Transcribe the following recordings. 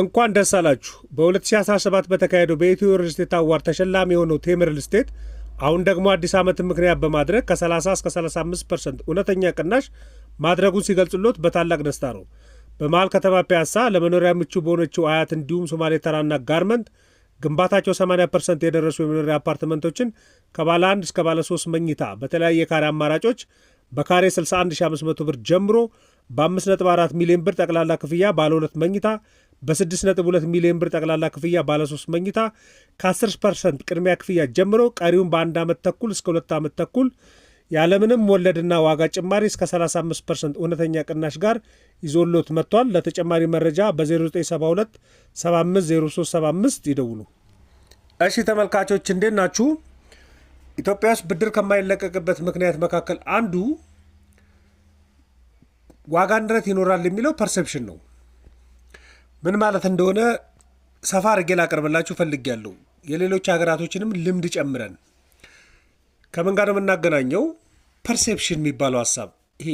እንኳን ደስ አላችሁ። በ2017 በተካሄደው በኢትዮ ሪል ስቴት አዋር ተሸላሚ የሆነው ቴምር ሪል ስቴት አሁን ደግሞ አዲስ ዓመትን ምክንያት በማድረግ ከ30 እስከ 35 ፐርሰንት እውነተኛ ቅናሽ ማድረጉን ሲገልጽሎት በታላቅ ደስታ ነው። በመሀል ከተማ ፒያሳ ለመኖሪያ ምቹ በሆነችው አያት እንዲሁም ሶማሌ ተራና ጋርመንት ግንባታቸው 80 ፐርሰንት የደረሱ የመኖሪያ አፓርትመንቶችን ከባለ 1 እስከ ባለ 3 መኝታ በተለያየ ካሬ አማራጮች በካሬ 61500 ብር ጀምሮ በ5.4 ሚሊዮን ብር ጠቅላላ ክፍያ ባለ 2 መኝታ በ6.2 ሚሊዮን ብር ጠቅላላ ክፍያ ባለሶስት መኝታ ከ10 ፐርሰንት ቅድሚያ ክፍያ ጀምሮ ቀሪውን በአንድ ዓመት ተኩል እስከ ሁለት ዓመት ተኩል ያለምንም ወለድና ዋጋ ጭማሪ እስከ 35 ፐርሰንት እውነተኛ ቅናሽ ጋር ይዞሎት መጥቷል። ለተጨማሪ መረጃ በ0972 750375 ይደውሉ። እሺ ተመልካቾች እንዴት ናችሁ? ኢትዮጵያ ውስጥ ብድር ከማይለቀቅበት ምክንያት መካከል አንዱ ዋጋ ንረት ይኖራል የሚለው ፐርሰፕሽን ነው። ምን ማለት እንደሆነ ሰፋ አድርጌ ላቀርብላችሁ ፈልጌያለሁ። የሌሎች ሀገራቶችንም ልምድ ጨምረን ከምን ጋር ነው የምናገናኘው? ፐርሴፕሽን የሚባለው ሀሳብ ይሄ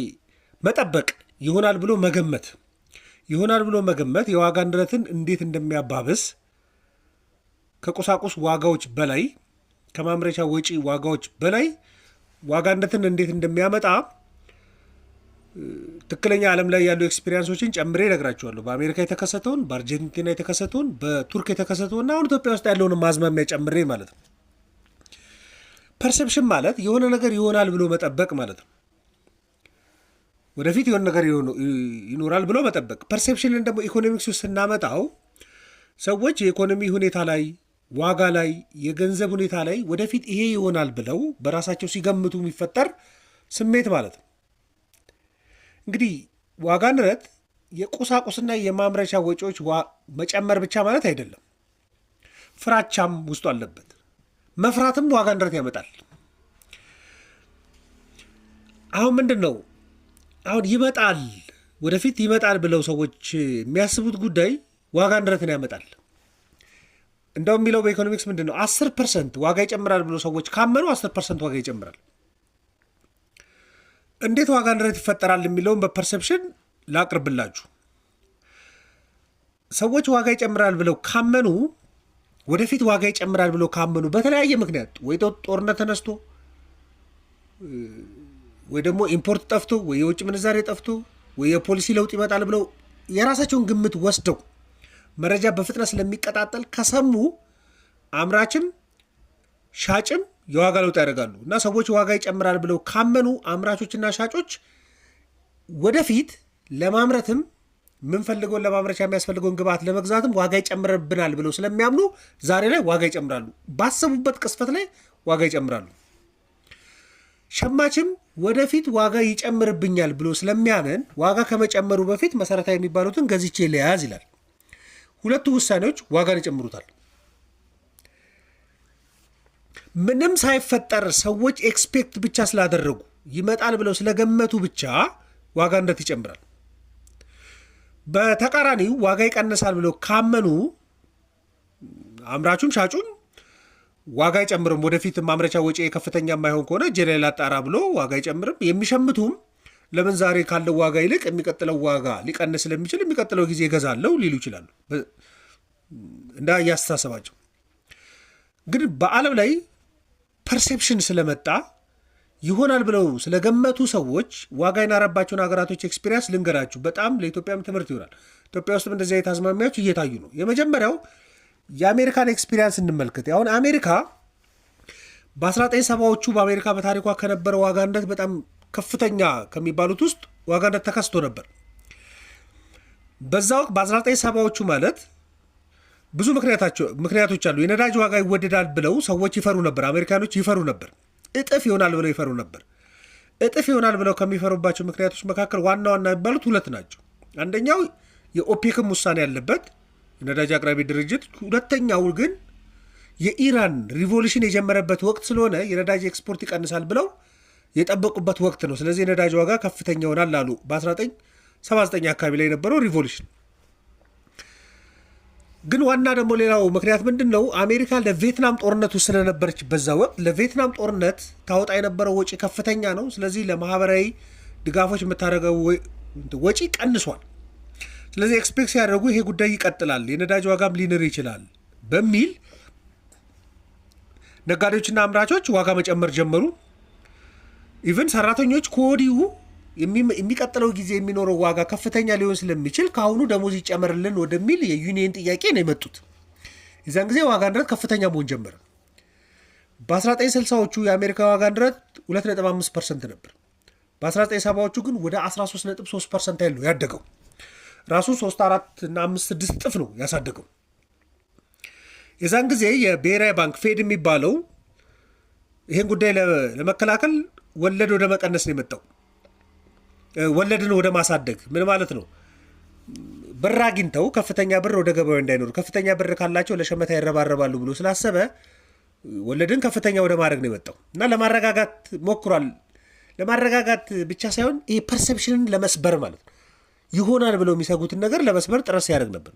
መጠበቅ ይሆናል ብሎ መገመት ይሆናል ብሎ መገመት የዋጋ ንረትን እንዴት እንደሚያባብስ ከቁሳቁስ ዋጋዎች በላይ ከማምረቻ ወጪ ዋጋዎች በላይ ዋጋ ንረትን እንዴት እንደሚያመጣ ትክክለኛ ዓለም ላይ ያሉ ኤክስፒሪንሶችን ጨምሬ እነግራችኋለሁ። በአሜሪካ የተከሰተውን፣ በአርጀንቲና የተከሰተውን፣ በቱርክ የተከሰተውን እና አሁን ኢትዮጵያ ውስጥ ያለውን ማዝማሚያ ጨምሬ ማለት ነው። ፐርሰፕሽን ማለት የሆነ ነገር ይሆናል ብሎ መጠበቅ ማለት ነው። ወደፊት የሆነ ነገር ይኖራል ብሎ መጠበቅ። ፐርሴፕሽንን ደግሞ ኢኮኖሚክስ ውስጥ ስናመጣው ሰዎች የኢኮኖሚ ሁኔታ ላይ፣ ዋጋ ላይ፣ የገንዘብ ሁኔታ ላይ ወደፊት ይሄ ይሆናል ብለው በራሳቸው ሲገምቱ የሚፈጠር ስሜት ማለት ነው። እንግዲህ ዋጋ ንረት የቁሳቁስና የማምረቻ ወጪዎች መጨመር ብቻ ማለት አይደለም። ፍራቻም ውስጡ አለበት። መፍራትም ዋጋ ንረት ያመጣል። አሁን ምንድን ነው አሁን ይመጣል ወደፊት ይመጣል ብለው ሰዎች የሚያስቡት ጉዳይ ዋጋ ንረትን ያመጣል። እንደው የሚለው በኢኮኖሚክስ ምንድን ነው አስር ፐርሰንት ዋጋ ይጨምራል ብሎ ሰዎች ካመኑ አስር ፐርሰንት ዋጋ ይጨምራል። እንዴት ዋጋ ንረት ይፈጠራል የሚለውን በፐርሰፕሽን ላቅርብላችሁ። ሰዎች ዋጋ ይጨምራል ብለው ካመኑ ወደፊት ዋጋ ይጨምራል ብለው ካመኑ በተለያየ ምክንያት ወይ ጦርነት ተነስቶ ወይ ደግሞ ኢምፖርት ጠፍቶ ወይ የውጭ ምንዛሬ ጠፍቶ ወይ የፖሊሲ ለውጥ ይመጣል ብለው የራሳቸውን ግምት ወስደው መረጃ በፍጥነት ስለሚቀጣጠል ከሰሙ አምራችም ሻጭም የዋጋ ለውጥ ያደርጋሉ እና ሰዎች ዋጋ ይጨምራል ብለው ካመኑ አምራቾችና ሻጮች ወደፊት ለማምረትም የምንፈልገውን ለማምረቻ የሚያስፈልገውን ግብዓት ለመግዛትም ዋጋ ይጨምርብናል ብለው ስለሚያምኑ ዛሬ ላይ ዋጋ ይጨምራሉ። ባሰቡበት ቅስፈት ላይ ዋጋ ይጨምራሉ። ሸማችም ወደፊት ዋጋ ይጨምርብኛል ብሎ ስለሚያምን ዋጋ ከመጨመሩ በፊት መሰረታዊ የሚባሉትን ገዝቼ ለያዝ ይላል። ሁለቱ ውሳኔዎች ዋጋን ይጨምሩታል። ምንም ሳይፈጠር ሰዎች ኤክስፔክት ብቻ ስላደረጉ ይመጣል ብለው ስለገመቱ ብቻ ዋጋ ንረት ይጨምራል። በተቃራኒው ዋጋ ይቀንሳል ብለው ካመኑ አምራቹም ሻጩም ዋጋ አይጨምርም። ወደፊት ማምረቻ ወጪ ከፍተኛ የማይሆን ከሆነ ጀሌላ ጣራ ብሎ ዋጋ አይጨምርም። የሚሸምቱም ለምን ዛሬ ካለው ዋጋ ይልቅ የሚቀጥለው ዋጋ ሊቀንስ ስለሚችል የሚቀጥለው ጊዜ እገዛለሁ ሊሉ ይችላሉ። እንዳ እያስተሳሰባቸው ግን በዓለም ላይ ፐርሴፕሽን ስለመጣ ይሆናል ብለው ስለገመቱ ሰዎች ዋጋ የናረባቸውን ሀገራቶች ኤክስፒሪያንስ ልንገራችሁ። በጣም ለኢትዮጵያም ትምህርት ይሆናል። ኢትዮጵያ ውስጥም እንደዚህ አይነት አዝማሚያዎች እየታዩ ነው። የመጀመሪያው የአሜሪካን ኤክስፒሪያንስ እንመልከት። አሁን አሜሪካ በ1970ዎቹ በአሜሪካ በታሪኳ ከነበረ ዋጋ ንረት በጣም ከፍተኛ ከሚባሉት ውስጥ ዋጋ ንረት ተከስቶ ነበር። በዛ ወቅት በ1970ዎቹ ማለት ብዙ ምክንያቶች አሉ። የነዳጅ ዋጋ ይወደዳል ብለው ሰዎች ይፈሩ ነበር። አሜሪካኖች ይፈሩ ነበር። እጥፍ ይሆናል ብለው ይፈሩ ነበር። እጥፍ ይሆናል ብለው ከሚፈሩባቸው ምክንያቶች መካከል ዋና ዋና የሚባሉት ሁለት ናቸው። አንደኛው የኦፔክም ውሳኔ ያለበት የነዳጅ አቅራቢ ድርጅት፣ ሁለተኛው ግን የኢራን ሪቮሉሽን የጀመረበት ወቅት ስለሆነ የነዳጅ ኤክስፖርት ይቀንሳል ብለው የጠበቁበት ወቅት ነው። ስለዚህ የነዳጅ ዋጋ ከፍተኛ ይሆናል አሉ። በ1979 አካባቢ ላይ የነበረው ሪቮሉሽን ግን ዋና ደግሞ ሌላው ምክንያት ምንድን ነው? አሜሪካ ለቪየትናም ጦርነቱ ስለነበረች በዛ ወቅት ለቪየትናም ጦርነት ታወጣ የነበረው ወጪ ከፍተኛ ነው። ስለዚህ ለማህበራዊ ድጋፎች የምታደርገው ወጪ ቀንሷል። ስለዚህ ኤክስፔክት ሲያደርጉ ይሄ ጉዳይ ይቀጥላል፣ የነዳጅ ዋጋም ሊንር ይችላል በሚል ነጋዴዎችና አምራቾች ዋጋ መጨመር ጀመሩ። ኢቨን ሰራተኞች ከወዲሁ የሚቀጥለው ጊዜ የሚኖረው ዋጋ ከፍተኛ ሊሆን ስለሚችል ከአሁኑ ደሞዝ ይጨመርልን ወደሚል የዩኒየን ጥያቄ ነው የመጡት። የዚያን ጊዜ ዋጋ ንረት ከፍተኛ መሆን ጀመረ። በ1960ዎቹ የአሜሪካ ዋጋ ንረት 2.5 ፐርሰንት ነበር። በ1970ዎቹ ግን ወደ 13.3 ፐርሰንት ያለው ያደገው ራሱ 3 4 እና 5 6 ጥፍ ነው ያሳደገው። የዛን ጊዜ የብሔራዊ ባንክ ፌድ የሚባለው ይህን ጉዳይ ለመከላከል ወለድ ወደ መቀነስ ነው የመጣው። ወለድን ወደ ማሳደግ ምን ማለት ነው? ብር አግኝተው ከፍተኛ ብር ወደ ገበያው እንዳይኖሩ ከፍተኛ ብር ካላቸው ለሸመታ ይረባረባሉ ብሎ ስላሰበ ወለድን ከፍተኛ ወደ ማድረግ ነው የመጣው እና ለማረጋጋት ሞክሯል። ለማረጋጋት ብቻ ሳይሆን ይሄ ፐርሰፕሽንን ለመስበር ማለት ነው። ይሆናል ብለው የሚሰጉትን ነገር ለመስበር ጥረት ሲያደርግ ነበር።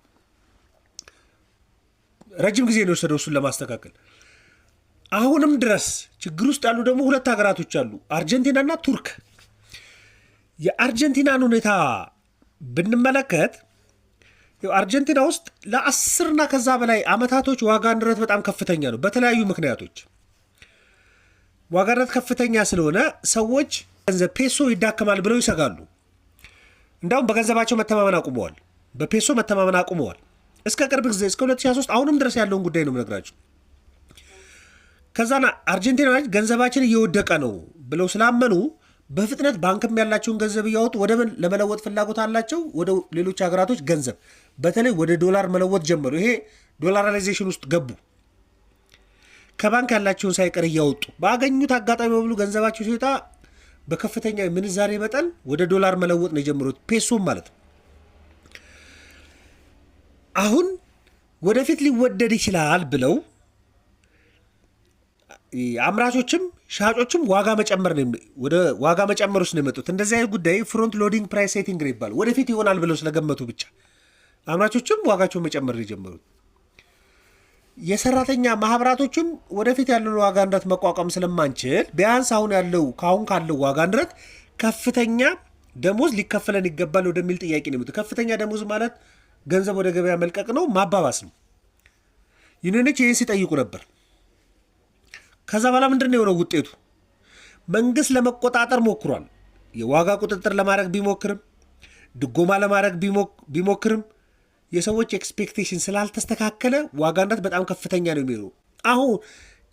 ረጅም ጊዜ ነው የወሰደው እሱን ለማስተካከል። አሁንም ድረስ ችግር ውስጥ ያሉ ደግሞ ሁለት ሀገራቶች አሉ፣ አርጀንቲና እና ቱርክ የአርጀንቲናን ሁኔታ ብንመለከት አርጀንቲና ውስጥ ለአስርና ከዛ በላይ አመታቶች ዋጋ ንረት በጣም ከፍተኛ ነው። በተለያዩ ምክንያቶች ዋጋ ንረት ከፍተኛ ስለሆነ ሰዎች ገንዘብ ፔሶ ይዳከማል ብለው ይሰጋሉ። እንዲሁም በገንዘባቸው መተማመን አቁመዋል፣ በፔሶ መተማመን አቁመዋል። እስከ ቅርብ ጊዜ እስከ 2023 አሁንም ድረስ ያለውን ጉዳይ ነው የምነግራቸው። ከዛና አርጀንቲናዎች ገንዘባችን እየወደቀ ነው ብለው ስላመኑ በፍጥነት ባንክም ያላቸውን ገንዘብ እያወጡ ወደ ምን ለመለወጥ ፍላጎት አላቸው? ወደ ሌሎች ሀገራቶች ገንዘብ በተለይ ወደ ዶላር መለወጥ ጀመሩ። ይሄ ዶላራይዜሽን ውስጥ ገቡ። ከባንክ ያላቸውን ሳይቀር እያወጡ በአገኙት አጋጣሚ በሙሉ ገንዘባቸው ሲወጣ በከፍተኛ ምንዛሬ መጠን ወደ ዶላር መለወጥ ነው የጀመሩት። ፔሶም ማለት ነው። አሁን ወደፊት ሊወደድ ይችላል ብለው አምራቾችም ሻጮችም ዋጋ መጨመር ወደ ዋጋ መጨመር ውስጥ ነው የመጡት። እንደዚህ አይነት ጉዳይ ፍሮንት ሎዲንግ ፕራይስ ሴቲንግ ነው ይባላል። ወደፊት ይሆናል ብለው ስለገመቱ ብቻ አምራቾችም ዋጋቸውን መጨመር ነው የጀመሩት። የሰራተኛ ማህበራቶችም ወደፊት ያለውን ዋጋ ንረት መቋቋም ስለማንችል ቢያንስ አሁን ያለው ከአሁን ካለው ዋጋ ንረት ከፍተኛ ደሞዝ ሊከፈለን ይገባል ወደሚል ጥያቄ ነው የመጡት። ከፍተኛ ደሞዝ ማለት ገንዘብ ወደ ገበያ መልቀቅ ነው፣ ማባባስ ነው። ዩኒዮኖች ይህን ሲጠይቁ ነበር። ከዛ በኋላ ምንድን ነው የሆነው ውጤቱ? መንግስት ለመቆጣጠር ሞክሯል። የዋጋ ቁጥጥር ለማድረግ ቢሞክርም ድጎማ ለማድረግ ቢሞክርም የሰዎች ኤክስፔክቴሽን ስላልተስተካከለ ዋጋ ንረት በጣም ከፍተኛ ነው የሚሆነው። አሁን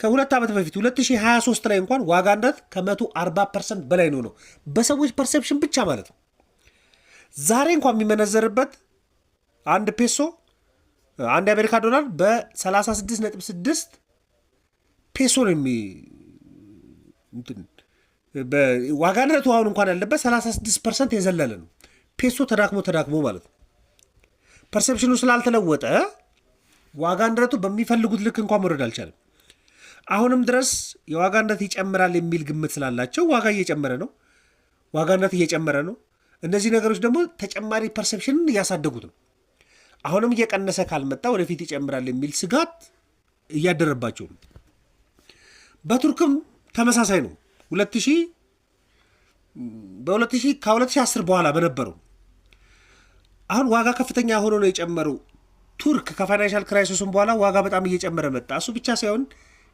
ከሁለት ዓመት በፊት 2023 ላይ እንኳን ዋጋ ንረት ከ140 ፐርሰንት በላይ ነው ነው በሰዎች ፐርሰፕሽን ብቻ ማለት ነው። ዛሬ እንኳን የሚመነዘርበት አንድ ፔሶ አንድ የአሜሪካ ዶላር በ36.6 ፔሶን የሚ ዋጋ ንረቱ አሁን እንኳን ያለበት 36 ፐርሰንት የዘለለ ነው። ፔሶ ተዳክሞ ተዳክሞ ማለት ነው። ፐርሴፕሽኑ ስላልተለወጠ ዋጋ ንረቱ በሚፈልጉት ልክ እንኳን መውረድ አልቻለም። አሁንም ድረስ የዋጋ ንረት ይጨምራል የሚል ግምት ስላላቸው ዋጋ እየጨመረ ነው። ዋጋ ንረት እየጨመረ ነው። እነዚህ ነገሮች ደግሞ ተጨማሪ ፐርሴፕሽንን እያሳደጉት ነው። አሁንም እየቀነሰ ካልመጣ ወደፊት ይጨምራል የሚል ስጋት እያደረባቸው ነው። በቱርክም ተመሳሳይ ነው። ሁለት ሺህ በሁለት ሺህ ከሁለት ሺህ አስር በኋላ በነበረው አሁን ዋጋ ከፍተኛ ሆኖ ነው የጨመረው። ቱርክ ከፋይናንሻል ክራይሲሱም በኋላ ዋጋ በጣም እየጨመረ መጣ። እሱ ብቻ ሳይሆን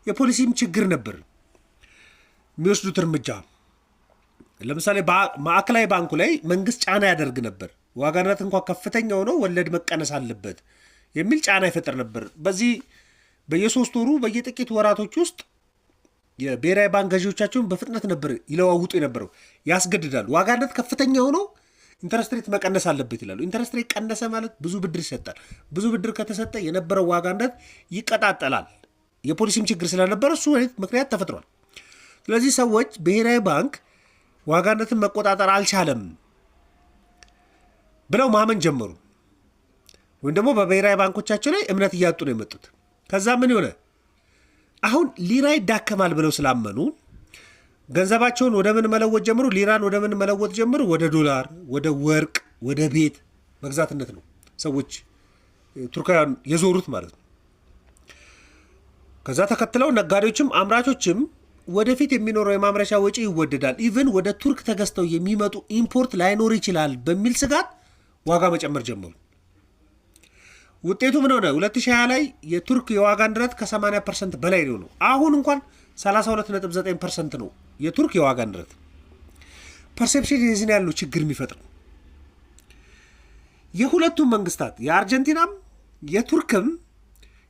የፖሊሲም ችግር ነበር የሚወስዱት እርምጃ። ለምሳሌ ማዕከላዊ ባንኩ ላይ መንግስት ጫና ያደርግ ነበር። ዋጋ ንረት እንኳ ከፍተኛ ሆኖ ወለድ መቀነስ አለበት የሚል ጫና ይፈጥር ነበር። በዚህ በየሶስት ወሩ በየጥቂት ወራቶች ውስጥ የብሔራዊ ባንክ ገዢዎቻቸውን በፍጥነት ነበር ይለዋውጡ የነበረው ያስገድዳሉ። ዋጋነት ከፍተኛ ሆኖ ኢንተረስት ሬት መቀነስ አለበት ይላሉ። ኢንተረስት ሬት ቀነሰ ማለት ብዙ ብድር ይሰጣል። ብዙ ብድር ከተሰጠ የነበረው ዋጋነት ይቀጣጠላል። የፖሊሲም ችግር ስለነበረ እሱ ምክንያት ተፈጥሯል። ስለዚህ ሰዎች ብሔራዊ ባንክ ዋጋነትን መቆጣጠር አልቻለም ብለው ማመን ጀመሩ። ወይም ደግሞ በብሔራዊ ባንኮቻቸው ላይ እምነት እያጡ ነው የመጡት። ከዛ ምን ይሆነ አሁን ሊራ ይዳከማል ብለው ስላመኑ ገንዘባቸውን ወደ ምን መለወጥ ጀምሩ? ሊራን ወደ ምን መለወጥ ጀምሩ? ወደ ዶላር፣ ወደ ወርቅ፣ ወደ ቤት መግዛትነት ነው ሰዎች ቱርካውያን የዞሩት ማለት ነው። ከዛ ተከትለው ነጋዴዎችም አምራቾችም ወደፊት የሚኖረው የማምረቻ ወጪ ይወደዳል፣ ኢቨን ወደ ቱርክ ተገዝተው የሚመጡ ኢምፖርት ላይኖር ይችላል በሚል ስጋት ዋጋ መጨመር ጀመሩ። ውጤቱ ምን ሆነ? 2020 ላይ የቱርክ የዋጋ ንረት ከ80 ፐርሰንት በላይ ነው ነው። አሁን እንኳን 32.9 ፐርሰንት ነው የቱርክ የዋጋ ንረት። ፐርሴፕሽን የዚህን ያለው ችግር የሚፈጥር የሁለቱም መንግስታት የአርጀንቲናም የቱርክም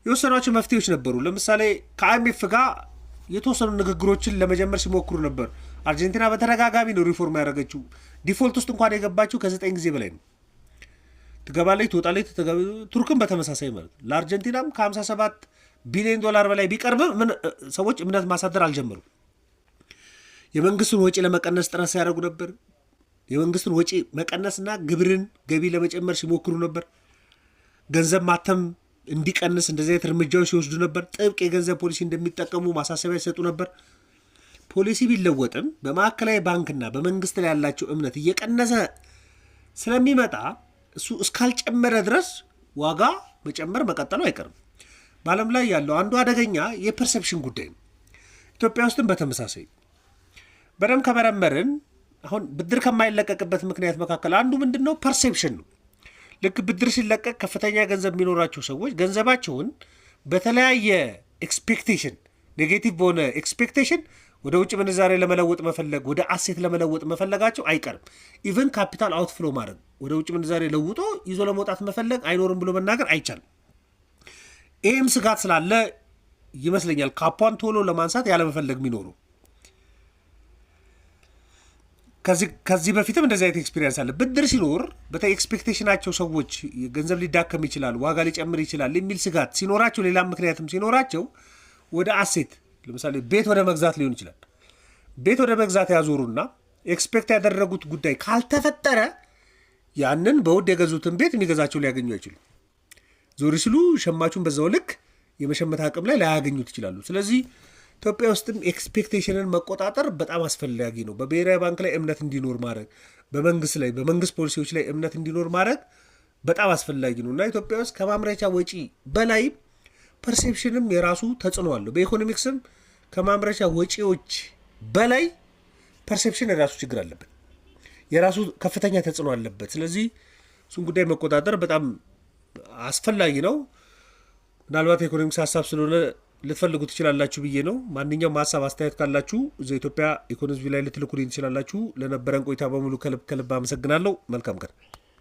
የወሰኗቸው መፍትሄዎች ነበሩ። ለምሳሌ ከአይኤምኤፍ ጋር የተወሰኑ ንግግሮችን ለመጀመር ሲሞክሩ ነበር። አርጀንቲና በተደጋጋሚ ነው ሪፎርም ያደረገችው። ዲፎልት ውስጥ እንኳን የገባችው ከዘጠኝ ጊዜ በላይ ነው። ትገባለች፣ ትወጣለች። ቱርክም በተመሳሳይ ማለት ለአርጀንቲናም ከ57 ቢሊዮን ዶላር በላይ ቢቀርብ ሰዎች እምነት ማሳደር አልጀመሩም። የመንግስቱን ወጪ ለመቀነስ ጥረት ሲያደርጉ ነበር። የመንግስቱን ወጪ መቀነስና ግብርን ገቢ ለመጨመር ሲሞክሩ ነበር። ገንዘብ ማተም እንዲቀንስ እንደዚህ አይነት እርምጃዎች ሲወስዱ ነበር። ጥብቅ የገንዘብ ፖሊሲ እንደሚጠቀሙ ማሳሰቢያ ሲሰጡ ነበር። ፖሊሲ ቢለወጥም በማዕከላዊ ባንክና በመንግስት ላይ ያላቸው እምነት እየቀነሰ ስለሚመጣ እሱ እስካልጨመረ ድረስ ዋጋ መጨመር መቀጠሉ አይቀርም። በዓለም ላይ ያለው አንዱ አደገኛ የፐርሰፕሽን ጉዳይ ነው። ኢትዮጵያ ውስጥም በተመሳሳይ በደንብ ከመረመርን አሁን ብድር ከማይለቀቅበት ምክንያት መካከል አንዱ ምንድን ነው? ፐርሴፕሽን ነው። ልክ ብድር ሲለቀቅ ከፍተኛ ገንዘብ የሚኖራቸው ሰዎች ገንዘባቸውን በተለያየ ኤክስፔክቴሽን፣ ኔጌቲቭ በሆነ ኤክስፔክቴሽን ወደ ውጭ ምንዛሬ ለመለወጥ መፈለግ፣ ወደ አሴት ለመለወጥ መፈለጋቸው አይቀርም። ኢቨን ካፒታል አውትፍሎ ማድረግ ወደ ውጭ ምንዛሬ ለውጦ ይዞ ለመውጣት መፈለግ አይኖርም ብሎ መናገር አይቻልም። ይህም ስጋት ስላለ ይመስለኛል ካፓን ቶሎ ለማንሳት ያለመፈለግ የሚኖሩ ከዚህ በፊትም እንደዚህ አይነት ኤክስፒሪንስ አለ። ብድር ሲኖር በተለይ ኤክስፔክቴሽናቸው ሰዎች ገንዘብ ሊዳከም ይችላል፣ ዋጋ ሊጨምር ይችላል የሚል ስጋት ሲኖራቸው፣ ሌላም ምክንያትም ሲኖራቸው ወደ አሴት ለምሳሌ ቤት ወደ መግዛት ሊሆን ይችላል። ቤት ወደ መግዛት ያዞሩና ኤክስፔክት ያደረጉት ጉዳይ ካልተፈጠረ ያንን በውድ የገዙትን ቤት የሚገዛቸው ሊያገኙ አይችሉም። ዞር ሲሉ ሸማቹን በዛው ልክ የመሸመት አቅም ላይ ላያገኙት ይችላሉ። ስለዚህ ኢትዮጵያ ውስጥም ኤክስፔክቴሽንን መቆጣጠር በጣም አስፈላጊ ነው። በብሔራዊ ባንክ ላይ እምነት እንዲኖር ማድረግ፣ በመንግስት ላይ በመንግስት ፖሊሲዎች ላይ እምነት እንዲኖር ማድረግ በጣም አስፈላጊ ነው እና ኢትዮጵያ ውስጥ ከማምረቻ ወጪ በላይም ፐርሴፕሽንም የራሱ ተጽዕኖ አለው። በኢኮኖሚክስም ከማምረቻ ወጪዎች በላይ ፐርሴፕሽን የራሱ ችግር አለበት፣ የራሱ ከፍተኛ ተጽዕኖ አለበት። ስለዚህ እሱን ጉዳይ መቆጣጠር በጣም አስፈላጊ ነው። ምናልባት የኢኮኖሚክስ ሀሳብ ስለሆነ ልትፈልጉ ትችላላችሁ ብዬ ነው። ማንኛውም ሀሳብ አስተያየት ካላችሁ እዚ ኢትዮጵያ ኢኮኖሚ ላይ ልትልኩልኝ ትችላላችሁ። ለነበረን ቆይታ በሙሉ ከልብ ከልብ አመሰግናለሁ። መልካም ቀን